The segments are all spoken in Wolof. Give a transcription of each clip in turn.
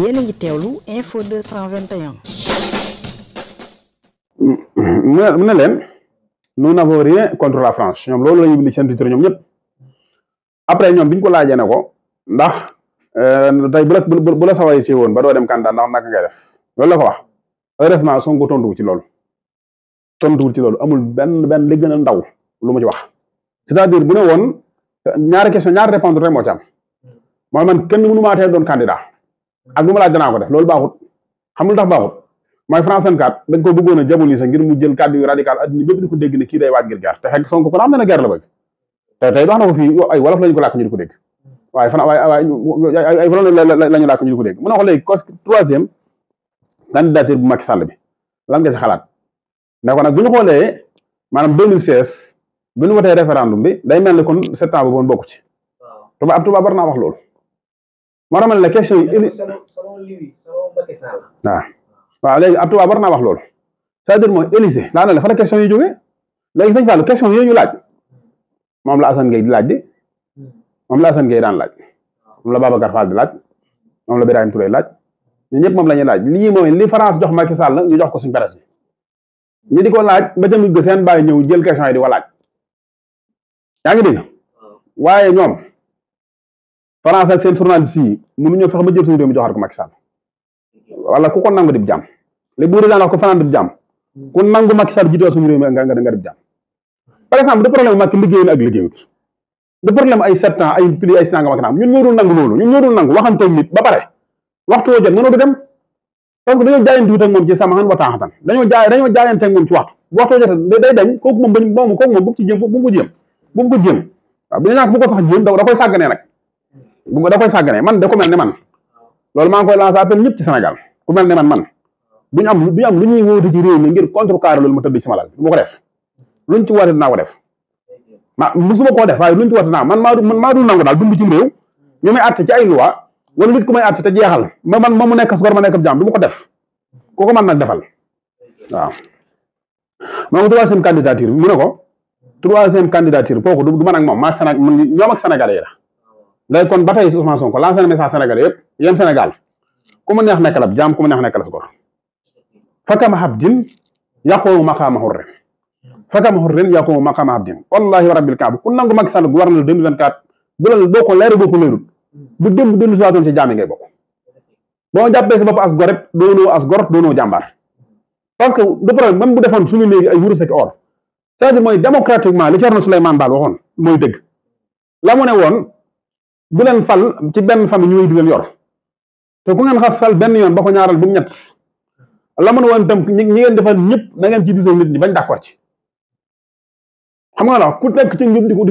yéen a ngi teewlu info 221. mu ne leen nous n'avons rien contre la France ñoom loolu la ñuy bind seen ñoom ñëpp après ñoom bi ko laajee ne ko ndax euh, tey bu la bu la saway ci woon ba doo dem Canada ndax naka ngay def loolu la ko wax heureusement Sonko tontuwul ci loolu tontuwul ci loolu amul benn benn li gën ndaw lu mu ci wax c'est-à-dire bu ne woon ñaari question ñaari répondre rek moo ci kenn mënu maa doon candidat ak lu ma laaj danaa ko def loolu baaxut xam nga lu tax baaxut mooy France 24 dañ ko bëggoon a jaboli sax ngir mu jël kàddu yu radical adduna bépp ko dégg ne kii day waaj ngir guerre te la bu Macky Sall bi lan nga ci xalaat ne ko nag bu ñu xoolee maanaam 2016 bu ñu wotee référendum bi day mel ni kon septembre boon bokku ci tubaab tubaab war naa wax loolu moo ma la question yi. waaw waaw léegi ab wax loolu c'est-à-dire mooy Élysée daa fa la question yi jógee léegi sëñ Fallou question yooyu ñu laaj moom la assan Gueye di laaj di moom la Assane Gueye daan laaj moom la Babacar Fall di laaj moom la Birahim Touré laaj ñu ñëpp moom la ñuy laaj lii mooy li France jox Macky Sall ñu jox ko suñ presse bi ñu di ko laaj ba tamit seen bàyyi ñëw jël question yi di ko laaj yaa ngi dégg waaye ñoom. France ak seen journaliste yi mënuñoo fexe ba jël suñu réew joxaat ko Macky Sall wala ku ko nangu dib jàmm léegi bu dee daan wax ko France dib jàmm ku nangu Macky Sall jiitoo suñu réew mi nga nga dib jàmm liggéey ak liggéeyut de problème ay sept ans ay pli ay sinanga mak naam ñun ñoo dul nangu loolu ñun ñoo dul nangu waxanteeg nit ba pare waxtu woo jot mënoo du dem parce que dañoo jaayante wut ak moom ci samaxan wataaxatan dañoo jaay dañoo jaayante ak moom ci waxtu bu waxtu woo jot moom bu ko jéem bu ko jéem bu ko sax jéem da koy sagganee nag da koy sàggane man da ko mel ne man loolu maa ngi koy lancé appel ñëpp ci Sénégal ku mel ne man man bu ñu am bu ñu lu ñuy wóote ci réew mi ngir contrecarrer loolu ma tëdd sama lal bu ko def luñ ci woote dinaa ko def ma musuma koo def waaye luñ ci woote naa man maa du man maa du nangu daal dund ci réew ñu ku may àtte te jeexal ma man moomu nekk sgor ma nekk jàmm du ma ko def ko man nag defal waaw moo ngi troisième candidature mu ne ko troisième candidature kooku du man ak moom maa Sénégal ñoom ak sénégalais yi la léegi kon ba tey Ousmane Sonko lancé na message Sénégalais yëpp yéen Sénégal ku mu neex nekkal ab jaam ku mu neex nekkal as gor fakama abdin yaqoomu maqaama hurrin fakama hurrin yaqoomu maqaama abdin wallahi wa rabbil kaab ku nangu Macky Sall gu war na la 2024 bu la boo ko leeru bu démb dellu si waatoon ci jaam yi ngay bokk boo jàppee sa bopp as gor rek doonoo as gor doonoo parce que du problème même bu defoon suñu léegi ay wurus ak or cest à mooy démocratiquement li Thierno Souleymane Baal waxoon mooy dëgg la ne woon bu leen fal ci benn famille ñu wéy di leen yor te ku ngeen xas fal benn yoon ba ko ñaaral bu mu ñett la mën woon tam ñi ngeen defal ñëpp na ngeen ci ko di ko ko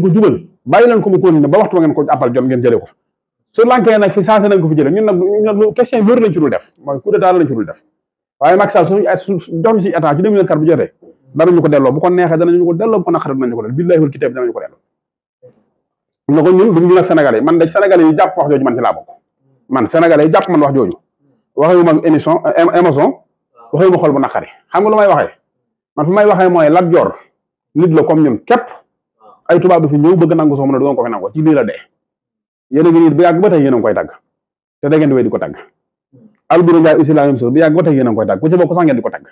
mu continuer ba ko appal bu ko delloo bu ko ko delloo bu ko naqaree danañu ko ko delloo na ko ñun du ñu man da sénégalais yi jàpp wax jooju man ci laa bokk man sénégalais yi jàpp man wax jooju waxewu ma émission eh, émotion waxewu ma xol bu naqari xam nga lu may waxe man fu may waxee mooy Lat Joor nit la comme ñun képp ay tubaab bi fi ñëw bëgg nangu soo mën a doon ko fi nangu ci lii la dee yéen a ngi nii bu yàgg ba tey yéen a koy tàgg te da ngeen di wéy di ko tàgg hmm. Alboury Ndiaye aussi la même chose bu yàgg ba tey a ngi koy tàgg ku ci bokk sax ngeen di ko tàgg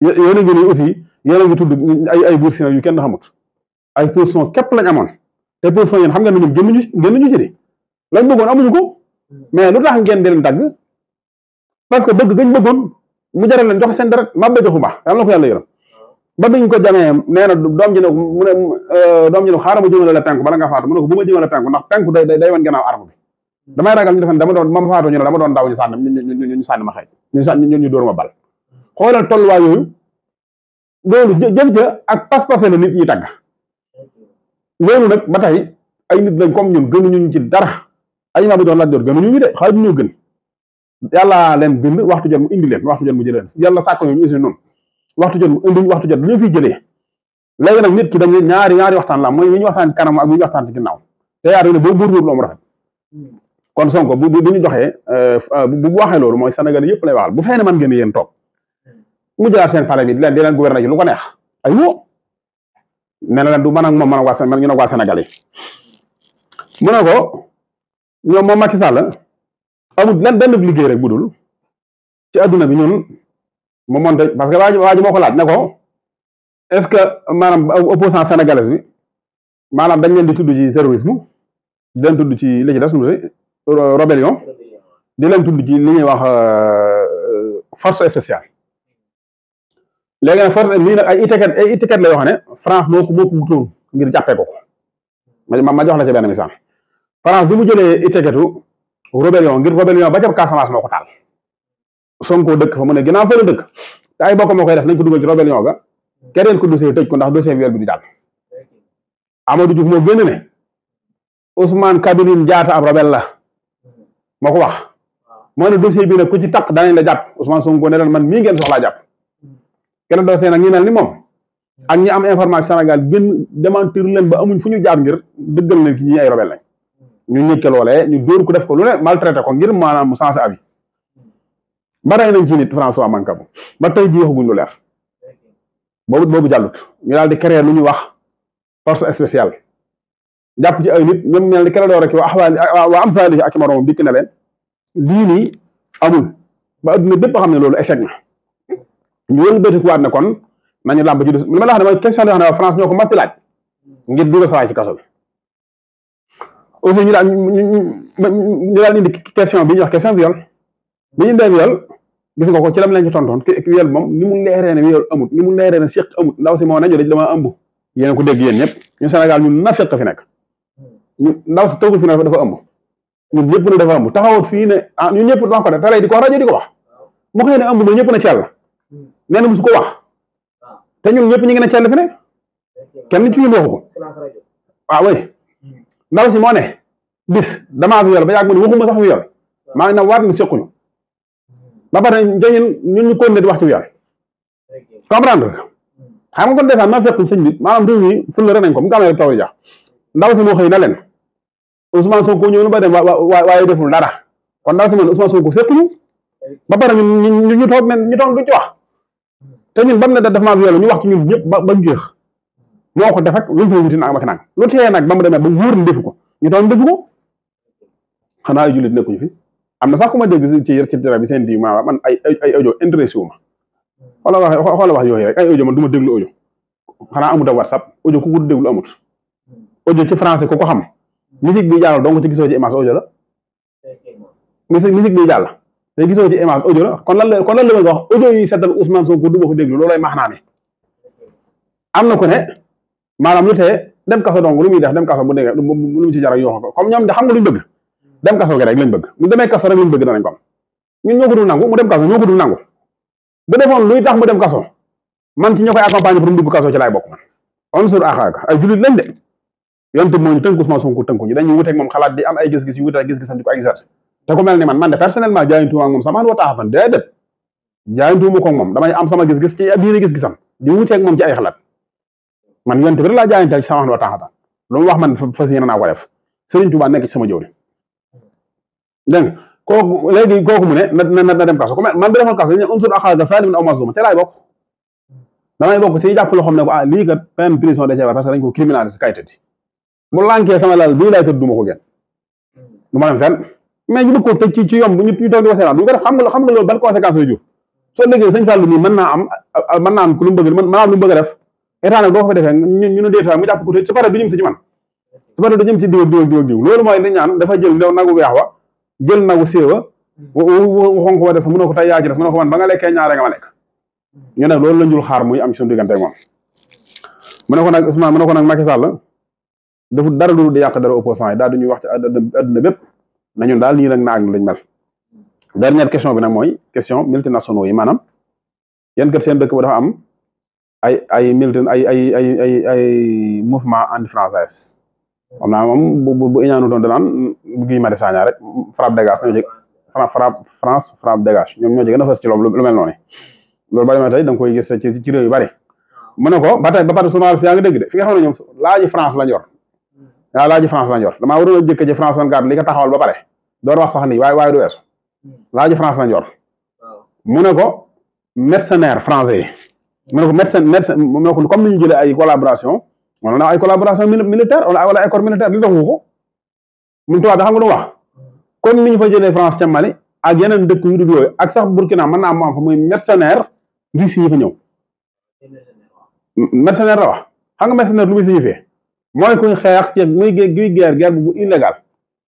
yéen a ngi nii aussi yéen a ngi tudd ay ay buur sina yu kenn xamut ay position képp lañ amoon te position yéen xam nga ne ñoom génnuñu génnuñu ko mais lu tax ngeen di leen que bëgg gañ bëggoon mu jaral leen jox seen deret mabbe joxu baax yàlla na ko yàlla ko jamee nee na doom ji ne mu ne euh, doom ji ne xaaral ma jëmale la penku bala nga faatu mu ne ko bu ma jëmale penku ndax penku ñu defen dama ma faatu ñu ne doon daw ñu sànni ñu sànni ma xëy ñu sànni ñu dóor ma bal xoolal tolluwaay yooyu loolu jëf ja ak pas-pas la nit ñi tàgg loolu nag ba tey ay nit lañ comme ñun gënuñu ci dara ay naa bu doon laaj doon gënuñu ñu de xaaj ñoo gën yàlla leen bind waxtu jot mu indi leen waxtu jot mu jëlee leen yàlla sàkko ñu aussi waxtu jot mu waxtu jot dañoo fiy jëlee léegi nag nit ki dañuy ñaari ñaari waxtaan la mooy yi ñu waxtaan ci kanam ak yi ñu waxtaan ci ginnaaw te yaar ne boo góorgóorlu am rafet kon Sonko bu bu ñu joxee euh, bu waxee loolu mooy Sénégal yëpp lay waxal bu feyee man ngeen yéen toog mu jëlaat seen pale bi di leen di leen gouverner lu ko neex nee na leen du man ak moom man ak waa Sénégal ñu ne waa Sénégal yi mu ne ko ñoom moom Macky Sall amul lan benn liggéey rek bu dul ci adduna bi ñun mu monte parce que waa ji waa ji moo ko laaj ne ko est-ce que maanaam opposant sénégalais bi maanaam dañ leen di tudd ci terrorisme di leen tudd ci li ci des mu di leen tudd ci li ñuy wax euh, force spéciale léegi nag force lii na ay itikat ay itikat la yoo xam ne France moo ko moo ko ngir jàppee ko ma ma jox la ci benn misaal France bi mu jëlee itiketu rébellion ngir rébellion ba ca Casamance moo ko taal Sonko dëkk fa mu ne ginnaaw fa la dëkk te ay bokk moo koy def nañ ko dugal ci rébellion ga keneen ko dossier tëj ko ndax dossier viol bi di daal Amadou Diouf moo génn ne Ousmane Kabiline Diatta ab rebelle la moo ko wax moo ne dossier bi ku ci taq danañ la jàpp Ousmane Sonko ne leen man mii ngeen soxlaa jàpp. keneen doo seen ak ñi mel ni moom ak ñi am information Sénégal gën démentir leen ba amuñ fu ñu jaar ngir dëggal leen ki ñi ay robel lañ mm. ñu ñëkke loolee ñu dóor ko def ko lu ne maltraité ko ngir maanaam mu sensé avis mm. ba rey nañ ci nit François Mancabou ba tey ji waxaguñ lu leer boobu boobu jàllut ñu daal di créer lu ñu wax force spéciale jàpp ci ay nit ñoom mel ni keroog rek ah, waa waa am saa ak i moromam dikk na leen lii nii amul ba adduna bépp xam ne loolu échec ñu wëlbatikuwaat ne kon nañu làmb ji des li ma la wax ne mooy question yoo xam ne France di laaj ngir dugal sawaay bi aussi ñu daal ñu daal indi question bi ñu wax question viol bi ñu indee viol gis nga ko ci lam lañ ci tontoon viol mu leeree ne viol amut ni mu leeree ne seq amut ndaw si moo nañu dañ dama ëmb yéen ko dégg yéen ñëpp ñu Sénégal ñun na seq fi nekk ñu ndaw si toogul fi ne dafa ëmb ñun ñëpp na dafa ëmb taxawut fii ne ah ñëpp wax ko ne te lay di ko rajo ko wax mu xëy ne ëmb ñëpp na ci nee na musu ko wax ah. te ñun ñëpp ñu ngi ne cell fi ne kenn ci ñun waxu ko waaw way hmm. ndaw si moo ne bis damaa fi yor ba yàgg mu ne waxuma sax fi yor ah. maa ngi na waat ni sequñu hmm. ba pare joñen ñun ñu continuer di wax ci yor comprendre nga hmm. xam nga kon desaan naa fekk sëñ bi maanaam réew mi ful la renañ ko mu nga amee taw ja ndaw si moo xëy na leen Ousmane Sonko ñëw na ba dem waaye deful dara kon ndaw si man Ousmane Sonko sequñu ba pare ñun ñu toog men ñu toog duñ ci wax te ñun bam ne da daf maa violé ñu wax ci ñun ñëpp ba ko def ak wis na wuti naa ma naan lu tee nag ba mu demee ba wóor na defu ko ñu doon defu ko xanaa ay jullit nekkuñu fi am na sax ku ma dégg ci ci dara bi seen di ma man ay ay audio intéressé wu ma xoola wax xoola wax yooyu rek ay audio man du ma déglu audio xanaa amut a whatsapp audio ku ko déglu amut audio ci français ko ko xam musique bi jàll donc ci gisoo ci image audio la musique bi jàll te gisoo ci image audio la kon la kon wax audio yi seetal Ousmane Sonko du ma ko déglu loolay max naa ne am na ku ne maanaam lu tee dem kaso dong lu muy def dem kaso bu dégg lu mu ci comme ñoom da xam nga luñ bëgg dem kaso gi rek lañ bëgg mu demee kaso rek lañ bëgg danañ ko am ñoo ko dul nangu mu dem kaso ñoo ko dul nangu bu defoon luy tax mu dem kaso man ci ñoo koy accompagner pour mu dugg kaso ci laay bokk man on sur axaaka ay jullit lañ de yonte moo tënk Ousmane Sonko te ku mel ni man man de personnellement jaayintuwuma ak moom samaan wa taxafan déedéet jaayintuwuma ko moom damay am sama gis-gis ci biir gis-gisam di wuuteeg moom ci ay xalaat man yonent bi laa jaayinteel ci samaan wa taxafan lu mu wax man fas yéene naa ko def Serigne Touba nekk ci sama jëwri dégg nga mu na na na dem kaso man bi defoon kaso ñu ne unsur da cee war parce que ko criminaliser kay tëddi mu lànkee sama lal bii laay tëdd duma ko génn du ma dem fenn mais ñu bëgg koo tëj ci ci yomb ñu toog di nii mën naa am mën naa am lu mu bëgg a def état doo ko fa defee ñu ne déetaa mu jàpp ko tëj su paree du ñëm si si diw diw diw loolu mooy li ñaan dafa jël lew nagu weex wa jël nagu séewa xonk wa des mënoo ko tey yaa ci ko man ba nga lekkee ñaare nga ma lekk ñu nag loolu la njul xaar muy am ci suñu diggante moom mu ne ko nag Ousmane mu ne ko nag Macky Sall dafa dara lu di yàq dara opposant yi daal duñuy wax ci àdduna bépp mais ñun daal nii nag naag lañ mel. dernière question bi nag mooy question multinationaux yi maanaam yéen kat seen dëkk ba dafa am ay ay multi ay ay ay ay ay mouvement na français xam naa moom bu bu bu iñaanu doon danaan Guy Marius Sagna rek frappe dégage ñoo ci frappe France frappe dégage ñoom ñoo ci gën a ma tey da koy gis ci ci réew ko ba tey ba pare journaliste de fi nga xam ne ñoom laaji France lañ yor laaji France lañ yor damaa waroon a jëkk ci France 24 li ko taxawal ba pare door wax sax nii waaye hmm. France mu ne ko mercenaire français yi mu ne ko mercen mercen mu comme ni ñu jëlee ay collaboration wala na ay collaboration militaire wala wala accord militaire li doxu ko mun tubaab bi xam nga du wax comme ni ñu fa jëlee France ca Mali ak yeneen dëkk yu dul yooyu ak sax Burkina mën naa mu am fa muy mercenaire russe yi fa ñëw mercenaire la wax xam nga mercenaire lu muy signifié mooy kuñ xeex ci muy guy guerre guerre bu illégal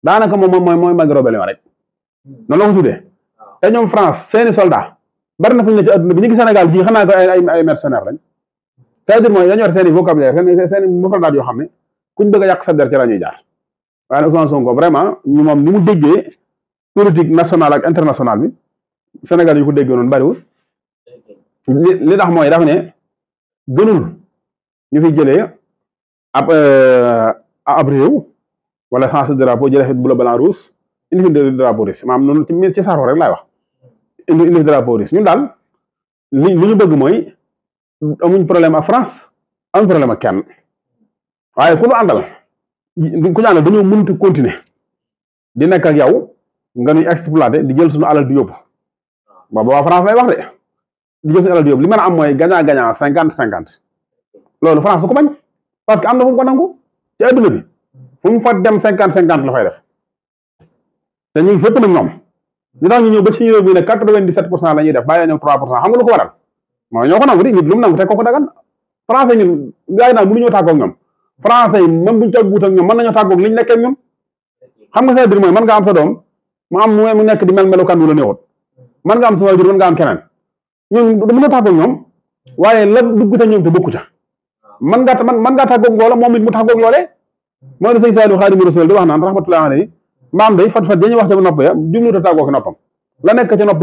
daanaka moom mooy mooy mag robele ma rek noonu la ko e te ñoom France seeni soldat bari na fu ñu ne ci adduna bi ñu ngi Sénégal jii xam naa ko ay ay mercenaires lañ c'est-à-dire mooy dañu war xam ne kuñ bëgg a yàq sa der ci la moom ni mu déggee politique nationale ak internationale bi Sénégal yu ko déggee noonu bariwul li li tax mooy dafa ne gënul ñu fi jëlee ab eh, ab réew wala sens drapeau jëlee fi bleu blanc rouge indi fi drapeau russe maanaam noonu ci ci saaro rek laay wax indi indi fi drapeau russe daal li li ñu bëgg mooy amuñ problème a France amuñ problème ak kenn waaye ku ñu àndal ku ñu àndal dañoo mënti continuer di nekk ak yow nga ñuy exploité di jël suñu alal di yóbbu ba France lay wax de di jël suñu alal di yóbbu li ma a am mooy gagnant gagnant cinquante cinquante loolu France du ko bañ. parce que am na fu mu ko nangu ci adduna bi fu mu fa dem cinquante cinquante la fay def te ñu ngi fépp nag ñoom ñu tax ñu ñëw ba ci ñu réew mi ne quatre vingt ñoom trois ko waral mooy ñoo nangu di nit lu nangu te kooku dagan français ñun gars yi naan mënuñoo tàggoog ñoom français yi même buñu tàgguwut ak nekkee ñun xam nga sa biir mooy mën nga am sa doom mu am mu nekk di mel melukan wu la néewut mën nga am sa waajur mën nga am keneen ñun mënoo tàggoog ñoom waaye la dugg ca ñoom te bokku ca man ngaa man man ngaa tàggoog loola moom it mu tàggoog loole moo ne sëñ Saliou Xaadimu Rasuul di wax naan rahmatullahi alayhi maam day fat fat dañuy wax ca nopp ya jublu ta tàggoo ko noppam la nekk ca nopp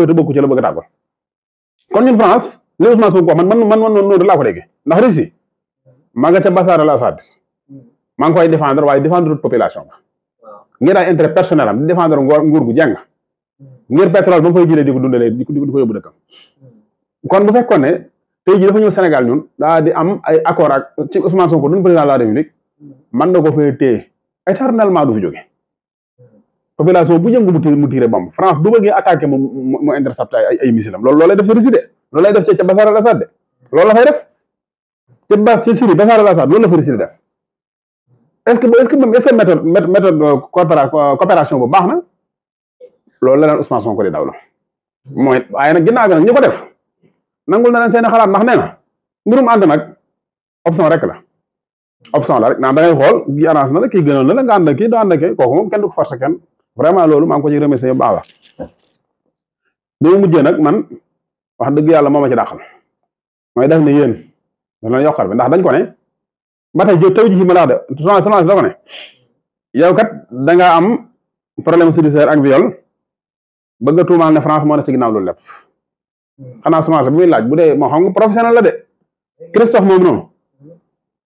ya man ngi koy défendre waaye défendre population ba ngir ay intérêt personnel am di défendre nguur gu jàng ngir pétrole ba mu fay jëlee di ko dundalee di ko yóbbu dëkkam kon bu fekkoon ne tey jii dafa ñëw Sénégal ñun daa di am ay accord ak ci Ousmane Sonko doon président de la République man na ko fay téye éternellement du fi jóge population bu yëngu mu tiire mu tiire bamb France bu bëggee attaqué mu mu mu intercepté ay ay missilam loolu def ci Russie de loolay def ca Bachar al la fay def ca Bas ca Syrie Bachar al-Assad loolu la fa Russie def est-ce que est est-ce que méthode méthode euh, coopération bu baax na loolu la daan Ousmane Sonko di daw la mooy waaye nag ginnaaw bi nag ñu ko def. nangul na leen seeni xalaat ndax nee na mbirum nag option rek la option la rek naan da ngay xool kii arrange na la kii gënoon na la nga ànd ak kii doo ànd ak kii kooku moom kenn du ko forcer loolu maa ko ci bu baax la bi mu nag man wax dëgg yàlla moo ma ci dàqal mooy def ne yéen dana yokkal bi ndax dañ ko ne ba tey jo taw ji si ma daax de semence da ko ne yow kat da ngaa am problème judiciaire ak viol bëgg a tuumaal ne France moo ne ci ginnaaw loolu lépp Hmm. xanaa semence bi muy laaj bu dee moo xam nga professionnel la de Christophe moom noonu hmm.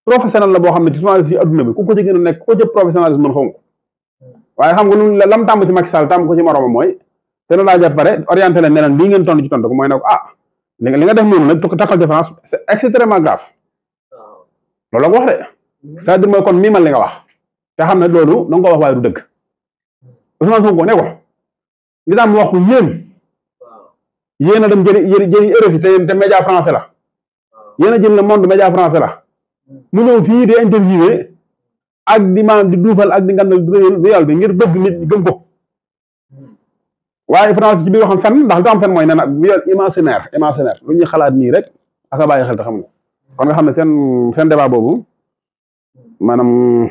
professionnel la boo xam ne ci semence yi adduna bi ku ko ci gën a nekk ku ko ci professionnalisme mën xonk hmm. waaye xam nga lu la lam tàmm ci Macky Sall tàmm ko ci moromam mooy seen laajaat pare orienté leen ne leen lii ngeen tontu ci tontu ko mooy ne ko ah li nga li nga def noonu nag takkal différence c'est extrêmement grave loolu la ko wax de c'est-à-dire mooy kon miimal li nga wax te xam ne loolu da nga ko wax waaye du dëgg Ousmane Sonko ne ko li daan wax ku yéem yéen a dem jëli jëli RFI te te média français la ah. yéen a jël le monde média français la mu ñëw fi di interviewé ak di maanaam di duufal ak di ngandal réel bi ngir bëgg nit ñi gëm ko hmm. waaye France ci biir waxam fen ndax li am fen mooy nee na réel imaginaire imaginaire lu ñuy xalaat nii rek aka bàyyi xel te xam nga hmm. kon nga xam ne seen seen débat boobu hmm. maanaam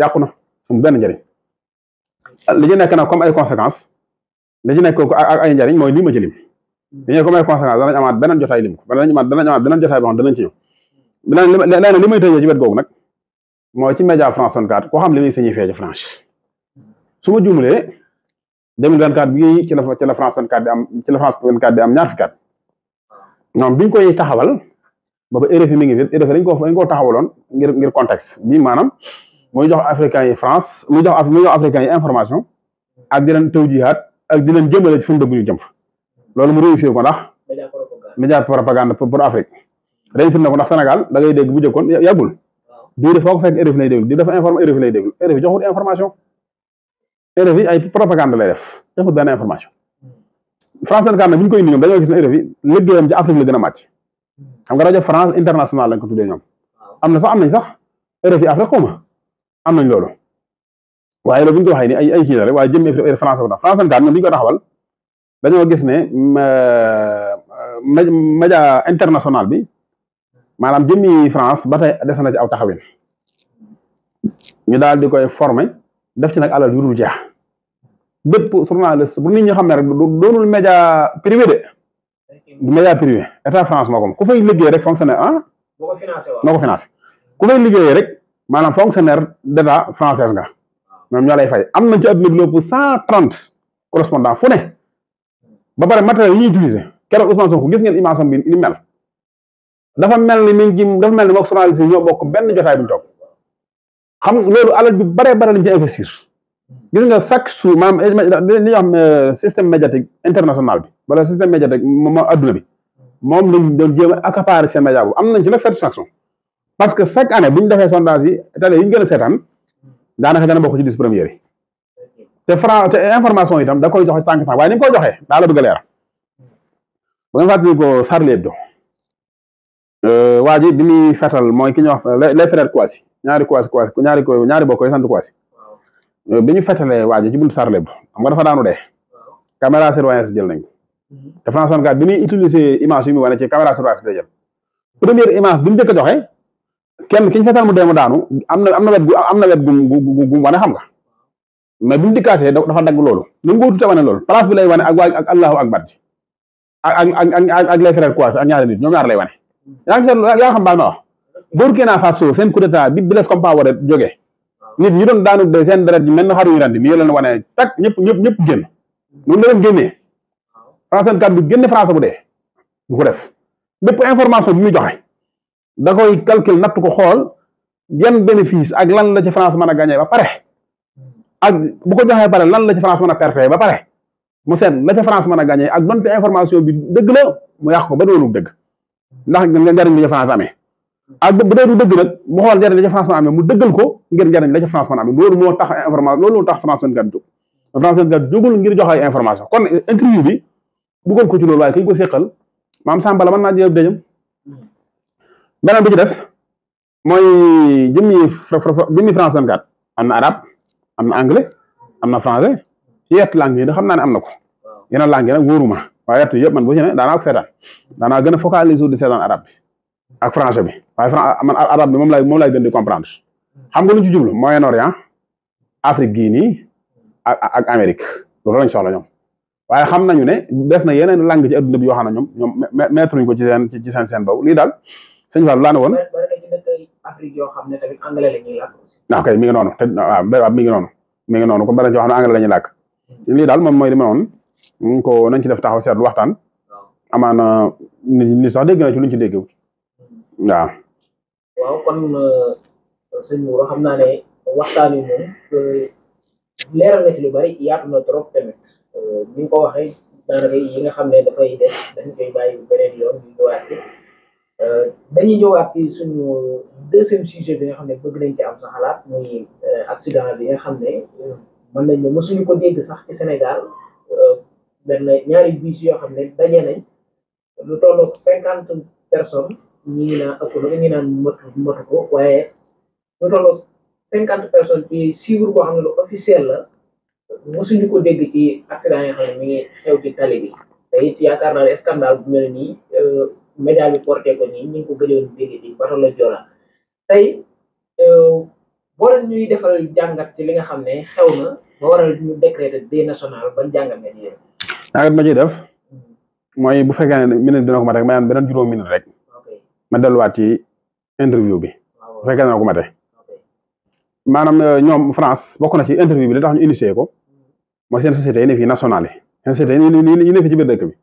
yàqu na am benn njëriñ li ñu nekk nag comme ay conséquences li ñu nekk ak ay njëriñ mooy lii ma jëlim bi ñu ko may conséquence danañ amaat beneen jotaay lim ko danañ amaat danañ amaat may tëjee wet googu nag mooy ci média France 24 koo xam li muy signifié ci France su ma juumlee 2024 bii ci la ci la France 24 di am ci la France 24 am ñaar fukki at ñoom bi ñu koy taxawal booba RFI mi ngi fi RFI dañ ko dañ koo taxawaloon ngir ngir contexte bi maanaam muy jox africains yi France muy jox muy jox africains yi information ak di leen tëw ak di leen jëmale ci fu mu jëm fa loolu mu réussir ko ndax. média propagande pour Afrique. réussir na ko ndax Sénégal da ngay dégg bu njëkkoon yàggul. diw de foo ko fekk RFI lay déglu diw dafa informe RFI lay déglu RFI joxul information. RFI ay propagande lay def joxul benn information. Hmm. France 24 nag bu ñu koy indi ñoom dañoo gis ne RFI liggéeyam ci Afrique la gën a màcc. Hmm. xam nga rajo France internationale lañ ko tuddee ñoom. am na sax am nañ sax RFI Afrique xaw ma am nañ loolu. waaye loolu bu ñu ko waxee nii ay ay waaye jëm RFI France ko tax ñoom bi dañoo gis ne média international bi maanaam jëmmi France ba tey des na ci aw taxawin ñu daal di koy forme def ci nag alal yu dul jeex bépp journaliste bu nit ñi xam ne rek doonul média privé de du média privé état France moo ko ku fay liggéey rek fonctionnaire ah. moo ko financé ku fay liggéey rek maanaam fonctionnaire d' état nga. ñoom ñoo lay fay am na ci adduna bi cent trente correspondant fu ba pare matériel yi ñuy utiliser keroog Ousmane Sonko gis ngeen image bi ni mel dafa mel ni mi ngi dafa mel ni mook journaliste yi ñoo bokk benn jotaay bu ñu toog xam loolu alal bi bare bare lañ ci investir gis nga chaque jour maanaam eh, li ñuy wax eh, système médiatique international bi wala système médiatique moom adduna bi moom lañ doon jéem a accaparer seen média am nañ ci nag satisfaction parce que chaque année bu ñu defee sondage yi télé yi ñu gën a seetaan daanaka dana bokk ci yi te Fra te information itam da koy joxe tànk tànk waaye ni mu koy joxee daa la bëgg a leer bu ngeen fàttali ko Charlie Hebdo euh, ji bi muy fetal mooy ki ñuy wax les frères Kouassi ñaari Kouassi Kouassi ñaari ko ñaari bokk yi sant Kouassi bi ñu fetalee waa ji ci buntu Charlie Hebdo xam nga dafa daanu dee caméra surveillance jël nañ ko mhm. te France 24 bi muy utiliser image yu mu wane ci caméra surveillance bi lay jël première image bi mu njëkk joxe kenn ki ñu fetal mu dee mu daanu am na am na wet am na wet gu gu gu wane xam nga. mais bi mu dikkaatee dafa dagg loolu nanguutu te wane loolu place bi lay wane ak waa ak allahu ak ak ak ak les frères ñaar lay wane. yaa ngi seetlu yaa xam baal ma wax Burkina Faso seen coup nit ñi doon daanu seen deret yi mel na xaru ñu rendi mi ñëpp ñëpp ñëpp génn noonu la leen génnee France 24 bi bu dee ko def bépp information bi muy joxe da koy calcul natt ko xool yan bénéfice ak lan la ci France mën a gagné ba pare. ak bu ko joxee pare lan la ci France mën a perte ba pare mu seet la ca France a gagné ak donte information bi dëgg la mu yàq ko ba doonul dëgg ndax nga njariñ la ca France amee ak bu dee du France mën a amee mu dëggal ko ngir njariñ la France mën a amee loolu moo tax information loolu moo tax France 24 jóg France 24 jógul ngir joxe information kon interview bi bëggoon loolu waaye ki ñu ko mooy jëmmi jëmmi France 24 am na arab am na anglais am na français ci yett langue yi da xam naa ne am na ko yeneen langue yi nag wóoruma waaye yett yëpp man bu ci ne daanaa ko seetaan daanaa gën a focaliser wu di seetaan arabe bi ak français bi waaye man bi moom lay moom lay gën di comprendre xam nga lu ci jublu Moyen Orient Afrique gii nii ak ak Amérique loolu lañ soxla ñoom waaye xam nañu ne des na yeneen langue ci adduna bi yoo xam ne ñoom ñoom mettre ñu ko ci seen ci seen seen boobu lii daal sëñ Fall laa la ñuy waaw ah, kay mi ngi noonu te waaw ah, waaw ah, mi ngi noonu mi ngi noonu comme danañ ci wax hmm. lii daal moom mooy li ma ko nañ ci def taxaw seetlu waxtaan amaana nit ñi sax dégg na ci luñ ci dégg hmm. waaw. waaw kon euh, sëñ Mourou xam naa ne waxtaan wi moom euh, leeral na ci lu bari yaatu trop tamit euh, ni nga ko waxee xam ne dafay def yoon Euh, dañuy ñëwaat ci suñu deuxième sujet bi nga xam ne bëgg nañ ci am sa xalaat muy euh, accident bi nga xam ne euh, mën nañ ne mësuñu ko dégg sax ci Sénégal benn ñaari bus yoo xam ne daje nañ lu tolloog cinquante personnes ñi ngi naan naan motu motu ko waaye lu tolloog cinquante personnes ci chiffre boo xam ne lu officiel la mësuñu ko dégg ci accident yi xam ne mi xew ci tali bi te it yaakaar naa ne scandale bu mel nii. médaille bi porté ko nii ñu ngi ko gëjoon dégg di bato la Joola tey boo euh, leen ñuy defal jàngat ci li nga xam ne xew na ba waral ñu décréter deuil national ban jàngat nga yéen. jàngat ma ciy def hmm. mooy bu fekkee ne minute dina ko mate ma naan beneen juróom minute rek ma delluwaat ci interview bi ah, bu fekkee ne na ko mate maanaam euh, ñoom France bokk na ci interview bi li tax ñu initié ko hmm. mooy seen société i ne fii nationale yi seen société ci biir dëkk bi.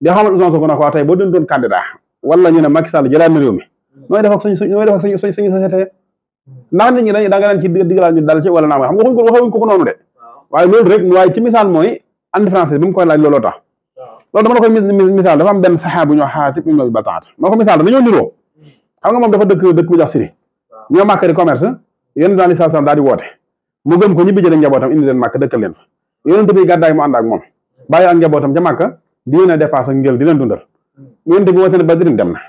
di xamal Ousmane Sonko na ko na da nga leen ci digalaat ñu dal ci ko waxuñ ko ko noonu de waaye saxaa bu ñoo Xaatib ibn Abi hmm. xam nga moom dafa dëkk dëkk bu jax siri ñoo màkk di commerce yonent daal di sasam daal di woote mu gëm ko ñibbi jëlee njabootam indi leen màkk dëkkal leen fa yonent bi gàddaay mu ànd ak moom hmm. bàyyi ak njabootam ca màkk di yéen a dépassé ak di leen dundal bi woote na Badrin dem na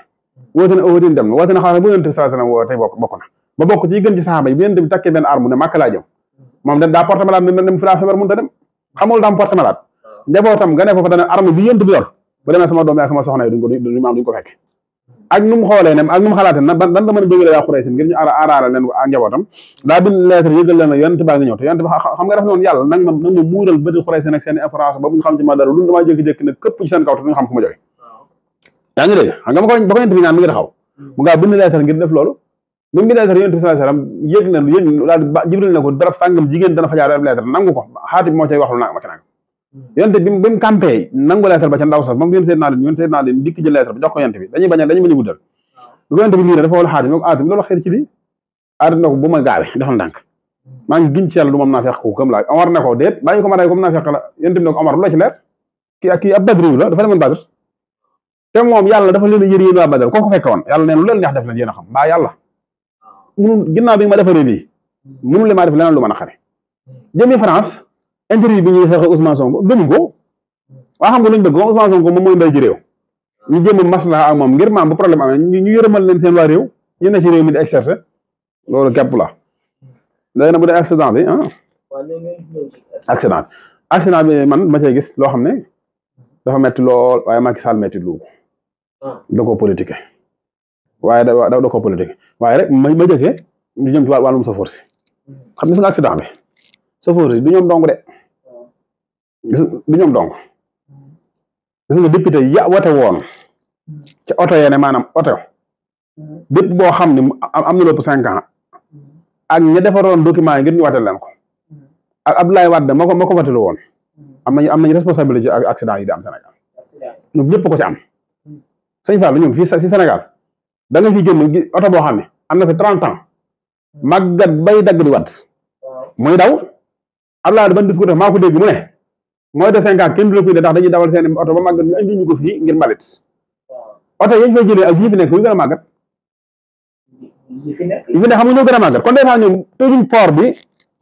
woote na dem na woote na xanaa bu yonent na ba bokk ci gën ci saxaaba yi bi yonent bi takkee benn arme ne màkk laa daa porte malade ne dem fi feebar mënut a dem xamul daam porte ah. njabootam nga ne foofu dana arme bi yonent bi yor bu demee sama doom ak sama soxna yi duñ ko duñ ko fekk ak nu mu xoolee ne ak nu mu xalaatee nag ban ban la mën a jógale waa Xuraysin ngir ñu aara aaraale leen ak njabootam daa bind lettre yëgal leen ne yonent baa ngi ñëw te ba xam nga def noonu yàlla nag ma ñu xam ci ma dara yaa ngi dégg xam ko ba ko yonent mi ngi taxaw hmm. mu ngaa bind lettre ngir def loolu bi mu bi sallallahu yëg na Jibril ne ko barab sàngam jigéen dana fa jaar nangu ko xaati moo cay wax lu nag ma ci Mm. yonte bi bi mu campé nangu lettre ba ca ndaw sax moom yón seet naa leen yón seet naa leen dikk jël lettre ba jox ko yonte bi dañuy bañ a dañuy bañ a guddal bu ko yonte bi lii dafa wala xaatim ne ko aatim loolu xeer ci di aatim ne ko bu ma gaawe defal ndànk mm. maa ngi giñ ci yàlla du moom naa feex ko comme laa Omar ne ko déet bàyyi ko ma ray comme naa feex la yonte bi ne ko Omar lu la ci leer kii ak kii ab badriw la dafa demoon badr te moom yàlla dafa leen a yër yéen waa badr koo ko fekke woon yàlla neen lu leen neex def leen yéen a xam mbaa yàlla ah. munul ginnaaw bi nga ma defaree lii mm. munul leen maa def leneen lu mën a xare jëmi France interview bi ñuy xeexee Ousmane Sonko gëmuñ ko waa xam nga luñ bëgg Ousmane Sonko moom mooy mbay ji réew ñu jéem a maslaa moom ngir maam bu problème amee ñu yërëmal leen seen waa réew ñu ne ci réew mi di exercer loolu képp la léegi nag bu accident bi ah. accident bi man ma cee gis loo xam ne dafa metti lool waaye Macky Sall metti lu ko ah. da waaye da da koo politique waaye rek ma ma jëkkee di jëm ci wàllum sa force hmm. xam nga accident bi. chauffeur yi du ñoom dong de gis du ñoom dong gis nga député ya wote woon ca oto ya ne maanaam oto bépp boo xam ne am na lépp cinq ant ak ña defaroon document yi ngir ñu wateel leen ko ak Abdoulaye Wade moo ko ma ko watelu woon am nañu am nañu responsabilité ak accident yi di am Sénégal ñoom ñëpp ko ci am sëñ Fall ñoom fii fii Sénégal da nga fi jënd oto boo xam ne am na fi trente ans màggat bay dagg di wat daw Abdoulaye ban discours maa ko dégg mu ne mooy de cinq ans kenn du la koy de ndax dañuy dawal seen oto ba màggat ñu fi nekk yu gën ne xam nga ñoo a màggat kon des fois ñoom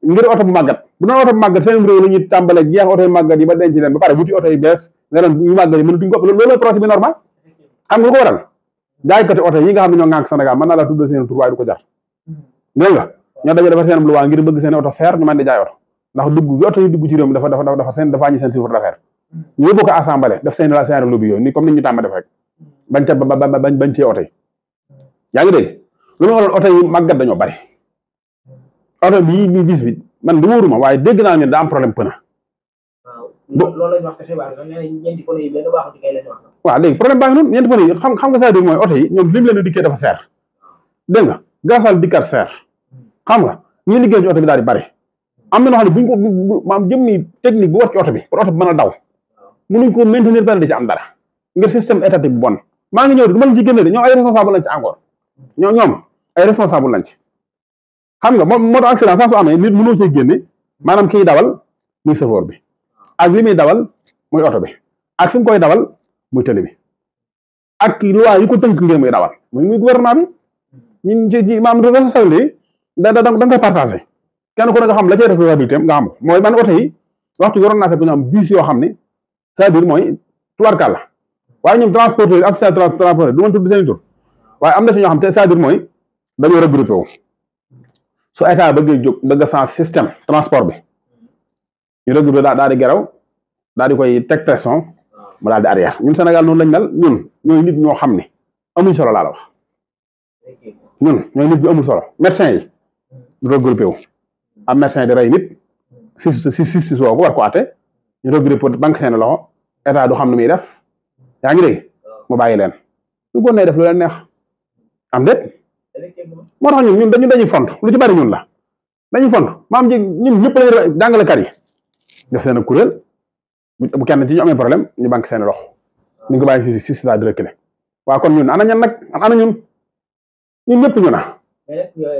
bi oto bu màggat bu bu màggat seen réew la ñuy tàmbale jeex oto yu màggat yi ba denc leen ba pare yi ko loolu mooy procès bi nga yi nga xam ne ñoo ŋànk Sénégal mën naa la tudd seen tur waaye du ko jar hmm. dégg nga ñoo dañoo defar seen luwaa ngir bëgg seen oto seer ñu mën di jaay ndax dugg oto yi dugg ci réew mi dafa dafa dafa seen dafa wàññi seen chiffre d'affaires ñu yóbbu ko assemblée def seen seen lobby yooyu ni comme ni ñu tàmm def rek bañ ca bañ yaa ngi dégg lu ma dañoo bari oto bii bii bis bi man du wóoruma waaye dégg naa ne daa am problème pëna loolu lañ wax ci xibaar yi ñeenti pëne yi léegi problème baa ngi noonu ñeenti pëne yi xam xam nga saa mooy oto yi ñoom lim leen dikkee dafa seer dégg nga gasal dikkaat seer hmm. xam nga ñuy liggéey ci oto bi daal di bari am na loo xam ne buñ ko maam jëm ni technique bu war ci oto bi pour oto bi a daw mënuñ ko maintenir benn di ci am dara ngir système étatique bu bon maa ngi ñëw du ma la ci génne de ñoom ay responsable lañ ci encore ñoo ñoom ay responsable xam nga moom moto accident saa su amee nit mënoo cee génne maanaam kiy dawal muy chauffeur bi ak li dawal muy oto bi ak fi koy dawal muy télé bi ak loi ko tënk ngir muy dawal muy muy gouvernement bi ñun ci maam responsable yi da da da nga koy kenn ku ne nga xam la cay responsabilité am nga xam mooy man oto yi waxtu yoroon naa fekk ñu bis yoo xam ne cest mooy tubarkaal la waaye ñoom transporteur yi association transporteur du ma tudd seen i waaye am na fi ñoo xam te c'est-à-dire mooy dañoo regroupé wu su état bëggee jóg bëgg a sens système transport bi ñu regroupé daal di geraw daal di koy teg pression mu daal di arrière ñun Sénégal noonu lañ dal ñun ñooy nit ñoo xam ne amuñ solo laal a wax ñun ñooy nit ñu amul solo médecin yi regroupé wu. am médecin di rey nit si si si si soo ko war ko àtte ñu doog di banque seen loxo état du xam nu muy def yaa ngi dégg mu bàyyi leen su góor nay def lu leen neex am déet moo tax ñun ñun dañu dañuy font lu ci bari ñun la dañuy font maam ji ñun ñëpp lañu jàngalekat yi def seen ak kuréel bu kenn ci ñu amee problème ñu banque seen loxo ñu ko bàyyi si si si di reculer waaw kon ñun ana ñan nag ana ñun ñun ñëpp ñu na.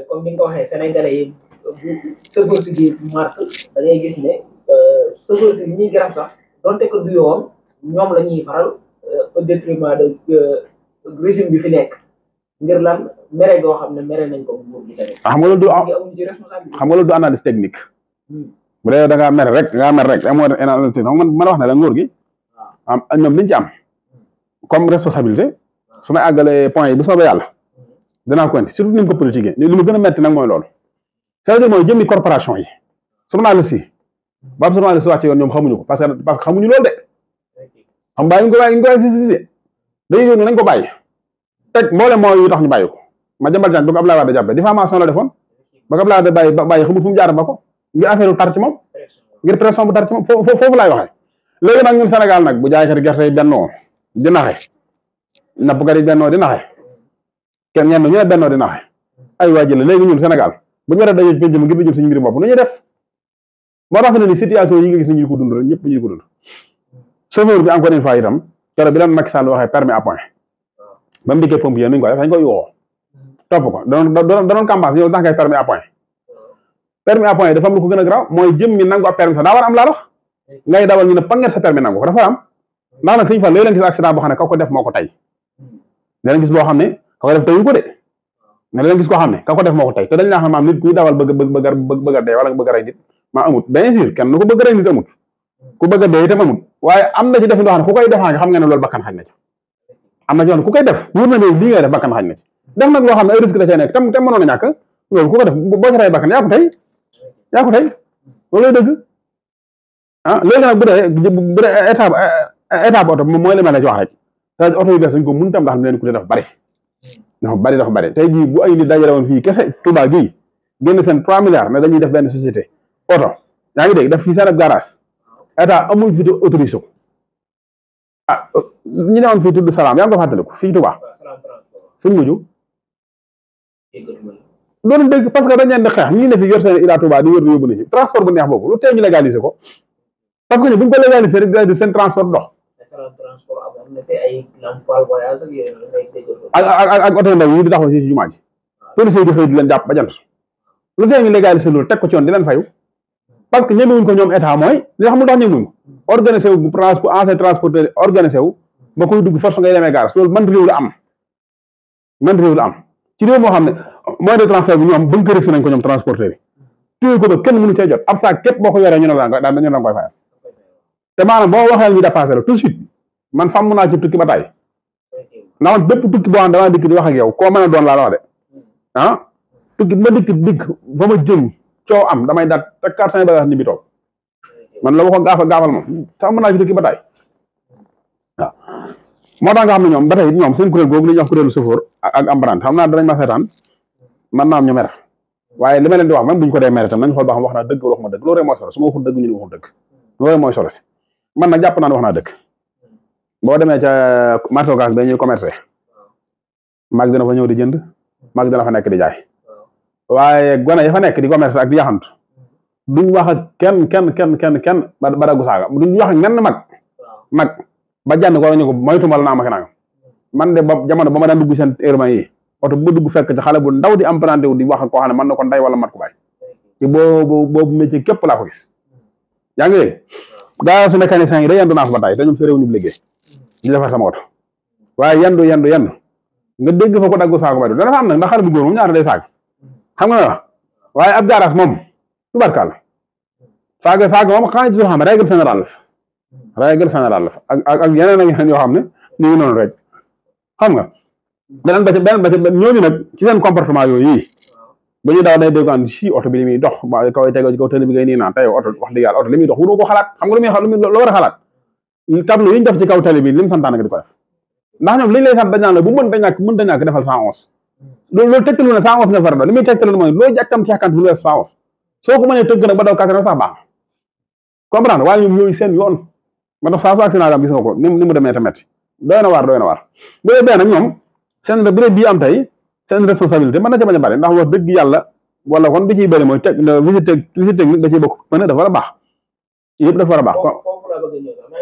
comme ni nga ko waxee sénégalais yi bu serveur si di mars da ngay gis ne serveur si li ñuy ko du ñoom la ñuy faral euh, a détriment de euh, régime xam ne mere nañ ko nguur gi ah, nga loolu du analyse technique. Hmm. bu dee da ngaa rek da ngaa rek amoo analyse technique man man wax na la nguur gi. Ah. am ñoom liñ ci am. comme responsabilité. su may àggalee point yi bu soobee yàlla. Hmm. danaa ko indi surtout ni mu ko politiqué li mu gën a metti nag mooy loolu. c'est-à-dire mooy jëmmi corporation yi journaliste yi ba am journaliste wàcce yoon ñoom xamuñu ko parce que parce que xamuñu loolu de xam bàyyi ñu ko bàyyi ko insisté dañuy yónni nañ ko bàyyi teg mboolem mooy yu tax ñu bàyyi ko ma jambal jaan ba ko Abdoulaye Wade jàppee diffamation la defoon ba ko Abdoulaye Wade bàyyi bàyyi xamul ba ko ngir affaire bu tar ci laay waxee léegi nag ñun nag bu jaaykati gerte yi bennoo di naxe nappkat yi bennoo di naxe kenn ñenn ñu ne bennoo di naxe ay waa jële léegi ñun Sénégal bu ñu war a dajee penc mi ngir di jël def moo tax ne ni situation yi nga gis nañu ko dund rek ñëpp ñu ko dund chauffeur bi encore une fois itam keroog bi la Macky ba mu dikkee pompier ko def dañ koy woo topp ko danoon danoon campagne yow tax ngay permis à point ko gën a garaaw mooy jëm a ne panget sa permis nangu ko dafa am gis boo xam ne ka ko def moo ko tey léeg gis boo xam ne ka ko def tawuñ ko de nga leen gis koo xam ne def moo ko xam a bëgg a dee a rey nit maa amut bien sûr kenn ku bëgg waaye am na ci def loo xam ne koy defaa nga xam nga ne loolu bakkan xaj am na ci yoon ku koy def wóor na ne lii ngay def bakkan ci def nag xam ne ay risque da cee nekk tam tam a ñàkk ku ko def boo ci rey bakkan yaa ko tey yaa ko tey loolu dëgg ah léegi nag bu dee bu dee état état bu oto moom mooy li ma la ci wax rek te oto yu bees dañ ko mën tam nga xam ne leen ku def bari dafa bari dafa bari tey jii bu ay nit dajale woon fii kese Touba gii génn seen 3 milliards ne dañuy def benn société oto yaa ngi dégg daf fii seen garage état amul fi autorisé ah, ñu ne fii tudd salaam yaa ngi ne fi yor seen Ila Touba di wër di yóbbu nit ñi transport bu neex boobu lu tee ñu ko parce ñu bu ko légaliser rek dina seen transport dox ak ak ak ak oto ndaw yi di taxaw si jumaa ji ah. police yi di xëy di leen jàpp ba jant lu tee ñu légaliser loolu teg ko ci yoon di leen fayu parce que ñemewuñ ko ñoom état mooy li xam lu tax ñemewuñ ko organisé wu bu transport ancien transporteur organisé wu ba koy dugg force ngay demee garas loolu man réew la am man réew la am ci réew moo xam ne moyen de transport bi ñu am bënk nañ ko ñoom transporteur yi téye ko ba kenn mënu cee jot ab saak képp boo ko yoree ñu ne la ñu la koy fayal te maanaam boo waxee ñu dépassé la tout de suite man fàmm naa ci tukki ba tey ndax man bépp tukki boo xam ne damaa di wax ak yow koo mën a doon laa la wax de ah tukki ma dikk dikk am damay daat teg quatre cinq bagages ni bi toog man la ma ko gaafa gaafal moom fàmm naa ci tukki ba tey waaw moo tax nga xam ne ñoom ba ñoom seen kuréel googu li ñuy sëfoor ak ambrante xam naa danañ ma seetaan man naa am ñu waaye li ma leen di wax man buñ ko dee mere tam nañ xool ba xam wax naa dëgg wala wax ma dëgg loolu rek mooy solo su ma waxul dëgg ñu ne waxul dëgg loolu rek mooy solo si man na jàpp naa ne wax naa dëgg boo demee ca marché Ocass ba ñuy commercé mag dina fa ñëw di jënd mag dina fa nekk di jaay waaye gone ya fa nekk di commerce ak di yaxantu duñ wax ak kenn kenn kenn kenn kenn ba daggu saaga duñ wax ak nenn mag mag ba jànn ko ñu ko moytumal naa ma nangam man de ba jamono ba ma daan dugg seen éléments yi oto bu dugg fekk ci xale bu ndaw di emprunté wu di wax ko koo xam ne mën na ko nday wala mat ko bàyyi ci boobu boobu képp laa ko gis yaa ngi dégg gaa su mécanicien yi day yendu naa fa tay te ñoom sa réew ñu liggéey ci la fa sama oto waaye yandu yandu yandu nga dégg fa ko daggu saako may dana fa am nag ndax xale bu góor moom ñaata day saag xam nga la waaye ab gaaraas moom tubarkaal saaga saaga moom xanaa ci suñu xam règle générale la règle générale la ak ak ak yeneen ak yoo xam ne ñu noonu rek xam nga beneen ñooñu nag ci seen comportement yooyu yi ba ñu daaw day déggoon si oto bi li muy dox ba kaw tegoo ci kaw tënk nii naan tey oto wax dëgg oto li muy dox wuroo ko xalaat xam nga lu muy lu a xalaat tableau yi ñu def ci kaw tali bi mu santaane nga di ko def ndax ñoom li lay sant dañ la bu mën ta ñàkk mën ta ñàkk defal cent onze loolu loolu tegtalu ne cent onze nga fara doon li muy ba daw quatre-vingts sax baax comprendre waaye ñoom yooyu seen yoon ma tax saa su na waar bu dee bee ñoom seen bu dee bii am tey seen responsabilité mën na ca bañ a bari ndax wax dëgg yàlla wala kon bi ciy bëri mooy teg visite visite technique da ciy war a baax yëpp dafa war a baax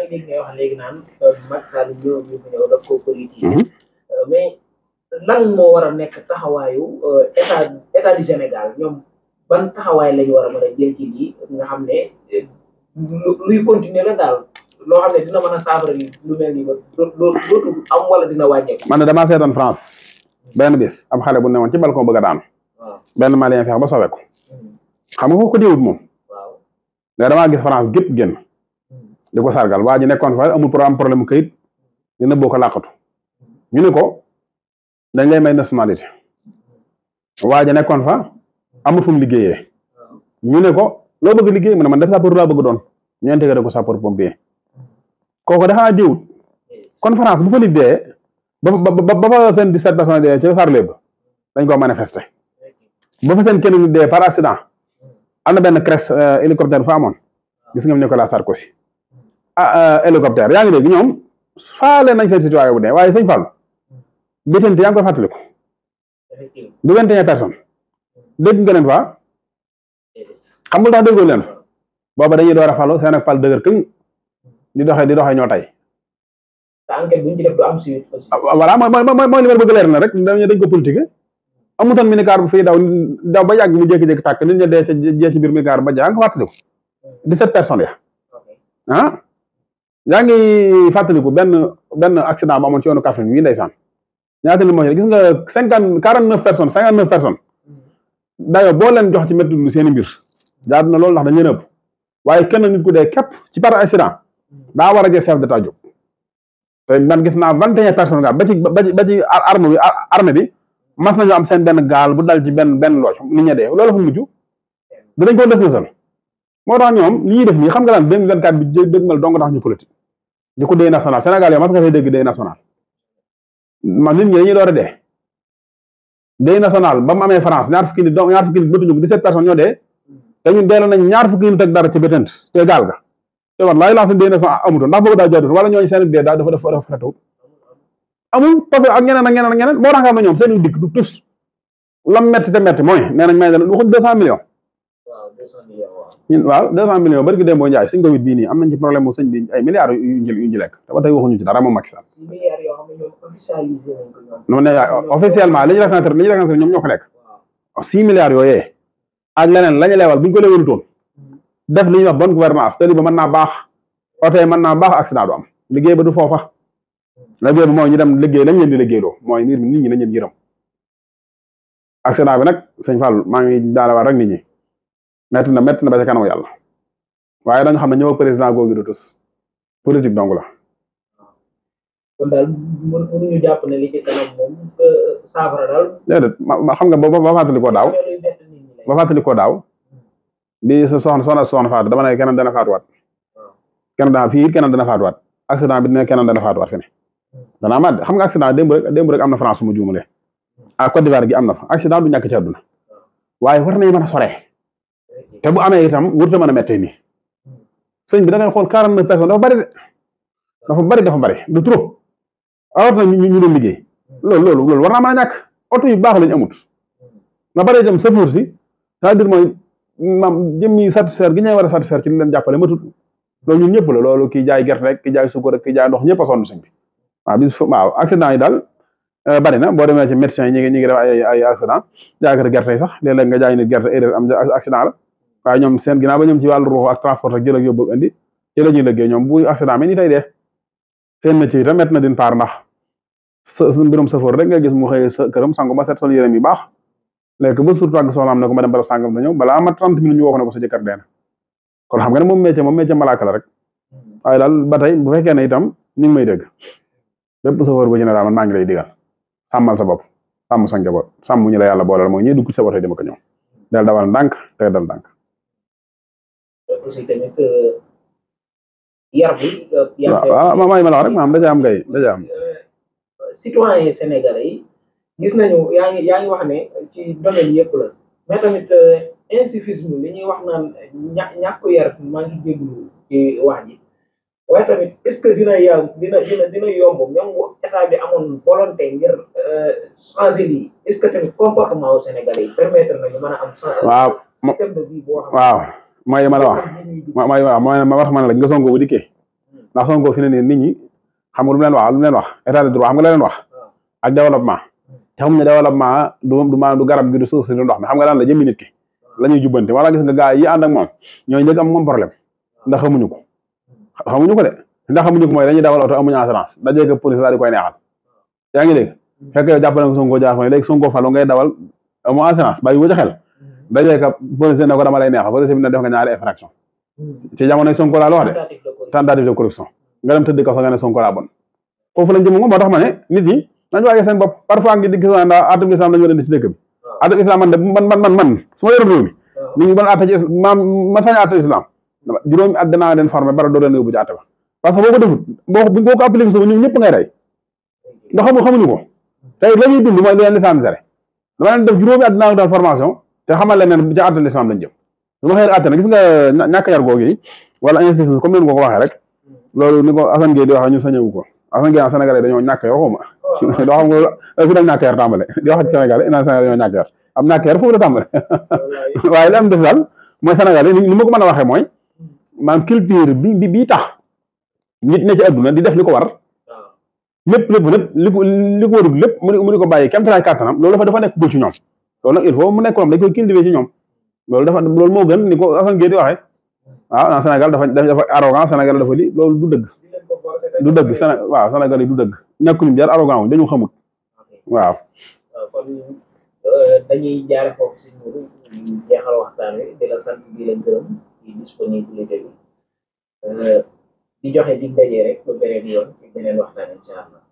damay mm-hmm. dégg wax léegi naan Macky Sall moo war a nekk taxawaayu euh, état état du ñoom ban taxawaay la ñu war a mën nga xam ne luy continuer la daal loo xam ne dina mën a saafara li lu mel ni ba loolu dootul am wala dina wàññeeku. man de damaa seetaan France benn bis ab xale bu newoon ci balcon bëgg a daanu. benn malien feex ba sowe ko. Mm-hmm. xam nga ko ko moom. waaw mais gis France gépp génn. di ko sargal waa ji nekkoon fa amul programme problème kayit dina boo ko làqatu ñu ne ko dañ lay may nationalité waa ji nekkoon fa amul fu mu ñu ne ko loo bëgg liggéey mu ne man def sapeur laa bëgg doon ñu intégré ko sapeur pompier kooku dafa jiwut conférence bu fa nit dee ba ba ba fa seen 17 personnes dee ci dañ ko manifesté ba fa seen kenn nit dee par accident am na benn crèche euh, hélicoptère fa amoon gis nga Nicolas Sarkozy Ah, ah, hélicoptère yaa ngi dégg ñoom faale nañ seen situation bu dee waaye sëñ Fall bétante yaa ngi koy fàttaliku du vingt et un dégg nga leen fa xamul tax déggoo leen booba dañuy door a falu seen ak fal dëgër këñ di doxee di doxee ñoo tey ah, voilà mooy mooy mooy li ma bëgg leer na rek dañu dañ ko politique amutoon minicar bu fii daw daw ba yàgg mu jékki-jékki tàkk nit ña dee ci dee ci biir minicar ba jàng fàttaliku hmm. dix-sept personnes ya ah yaa ngi fàttaliku benn benn accident bu amoon ci yoonu Kaffrine wii ndeysaan ñaata li moo ci gis nga cinquante quarante neuf personnes cinquante neuf personnes hmm. dayo boo leen jox ci métti lu seen i mbir na loolu ndax dañ leen ëpp waaye kenn nit ku dee képp ci par accident hmm. daa war a jël chef d'état jóg te man gis naa vingt et un personnes ba ci ba ci ba ci arme bi armée bi mas nañu am seen benn gaal bu dal ci benn benn lool nit ña dee loolu fa da danañ ko des na sal moo tax ñoom li ñuy def nii xam nga lan 2024 bi dëgmal dong tax ñu politique di ko dee national Sénégal yow mas nga fay dégg dee national man nit ñi dañuy door a dee dee national ba amee France ñaar fukki nit donc ñaar fukki nit bëtuñu ko 17 personnes ñoo dee te ñun ñaar fukki nit ak dara ci bétant te gaal ga te wallaahi laa seen dee national amutoon ndax boobu daa jaaduwul wala ñooñu seen dee daa dafa dafa dafa fetewut amul parce que ak ñeneen ak ñeneen ak ñeneen boo tax nga xam ne ñoom seen dikk du tus lam metti te metti mooy nee ñun waaw deux cent millions bërigi dém boo njaay suñ Covid bii nii am nañ ci problème mu sëñ bi ay milliards yu ñu jël yu ñu lekk te ba tey waxuñu ci dara moom Macky Sall no ne euh, officiellement li ñu reconnaître ñoo ko lekk oh, six milliards yooyee ak leneen la leewal bu ñu ko leewalutoon hmm. def li wax bonne gouvernance tali ba mën naa baax oto yi mën naa baax accident du am liggéey ba du foofa hmm. liggéey ba mooy ñu dem liggéey lañ leen di liggéeyloo mooy nit ñi nañ leen yërëm accident bi nag sëñ Fall maa ngi daalawaat rek nit ñi metti na metti na ba ca kanamu yàlla waaye dañu xam ne ñëw président googu du tus politique dong la. kon euh, ma xam nga ba ba fàttali ko daaw ba fàttali ko daaw bi sa soxna soxna soxna faatu dama ne keneen dana faatuwaat. keneen dana fii it keneen dana faatuwaat accident bi dina keneen dana faatuwaat fi ne. danaa ma xam nga accident démb rek rek am na France su ma juumalee. ah Côte d'Ivoire gi am na accident du ñàkk ci àdduna. waaye war nañu a soree. te bu amee itam wërta mën a mettee mi sëñ bi da ngay xool quarante na personnes dafa bari de dafa bari dafa bari du trop awat na liggéey loolu loolu loolu war naa mën a ñàkk oto yu baax lañu amut na bari itam sëfoor si c'est-à-dire mooy maam jëmmi satisfaire gi ñu war a satisfaire ci li leen jàppale matut loolu ñun ñëpp loolu kii jaay gerte rek ki jaay suukar rek ki jaay ndox ñëpp a sonn sëñ bi waaw bis waaw accident yi daal Euh, bari na boo demee ci médecin yi ñu ngi ñu ngi def ay gerte sax léeg-léeg nga jaay nit gerte erreur am accident la waaye ñoom seen ginnaaw ba ñoom wàllu ruux ak transport ak jël ak yóbbu indi ci la ñuy liggéey ñoom bu accident mi ni tey dee seen métier itam met na din paar ndax mbirum safoor rek nga gis mu xëyee sa këram sangu ba set sol yérem yi baax léegi ba surtout ak soxnaam ne ko ma dem barab sàngam na ñëw balaa ma trente minutes ñu wax ne ko sa jëkkër dee kon xam nga ne moom métier moom métier malaaka la rek waaye ba tey bu fekkee ne itam ñu ngi may dégg bépp safoor bu général man maa ngi lay digal sàmmal sa bopp sàmm sa njaboot sàmm ñu la yàlla booleel mooy ñuy dugg ci sa woto dama ko ñëw del dawal te dal ndànk. aussi tamit euh, yar euh, ah, ma la rek maam dajaa am ngay dajaa am. Euh, citoyen sénégalais yi gis nañu yaa ngi yaa ngi wax ne wax naan waaye tamit est-ce que dina yàgg dina dina dina yomb même bu état euh, ma la wax mooy ma wax ma la nga Sonko bu dikkee hmm. ndax Sonko fi ne nii nit ñi xam nga lu mu leen wax lu mu leen wax état de droit xam nga la leen wax hmm. ak développement hmm. te xam ne développement du du maanaam gi du suuf si ndox mi xam nga lan la jëmmi nit ki la ñuy jubbante wala gis nga gars yi ànd ak moom ñooñu léegi problème ndax xamuñu ko xamuñu ko de ndax xamuñu ko mooy dañuy dawal oto amuñu assurance dajee ko police daal di koy neexal yaa ngi dégg fekk yow jàpp Sonko jaar fa lay neexal police bi ne def nga ñaari infraction ci jamonoy Sonko laa la de tentative de corruption nga dem tëdd kaso nga ne Sonko laa bon foofu lañ jëm moom moo tax ma ne nit ñi nañu waaye seen bopp parfois ngi di gis naa ndax atum islam lañu war a indi ci dëkk bi atum islam man man man man man mi ma juróomi at danaa leen formé bara doo leen yóbbu ci àtte ba parce que ko defut boo boo ko appliqué suba ñoom ñëpp rey ndax xamuñu ko tey la dund mooy leen def juróomi te xamal leen ne ca àtte lislam lañ jëm su ma ko ko waxee rek loolu ni ko Assane Gueye di waxee ñu sañewu ko Assane Gueye Sénégalais dañoo ñàkk yar xawma am ñàkk ni ma ko mën a waxee mooy maanaam culture bi bi bii tax nit ne ci adduna di def li ko war ah. lépp lépp lépp li ko li ko warul lépp mu di ko bàyyi kéem talaay kàttanam loolu dafa dafa nekk gul ci ñoom loolu nag il mu nekk loo xam dañ koy cultiver ci ñoom loolu dafa loolu moo gën ni ko Assane Gueye di waxee waaw ah, Sénégal dafa dafa arrogant Sénégal dafa li loolu du dëgg du dëgg Séné waaw Sénégal yi du dëgg ñàkkuñu bi daal arrogant wuñ dañu xamut ci disponibilité bi eh, di joxe dig daje rek ba beneen yoon ci beneen waxtaan incha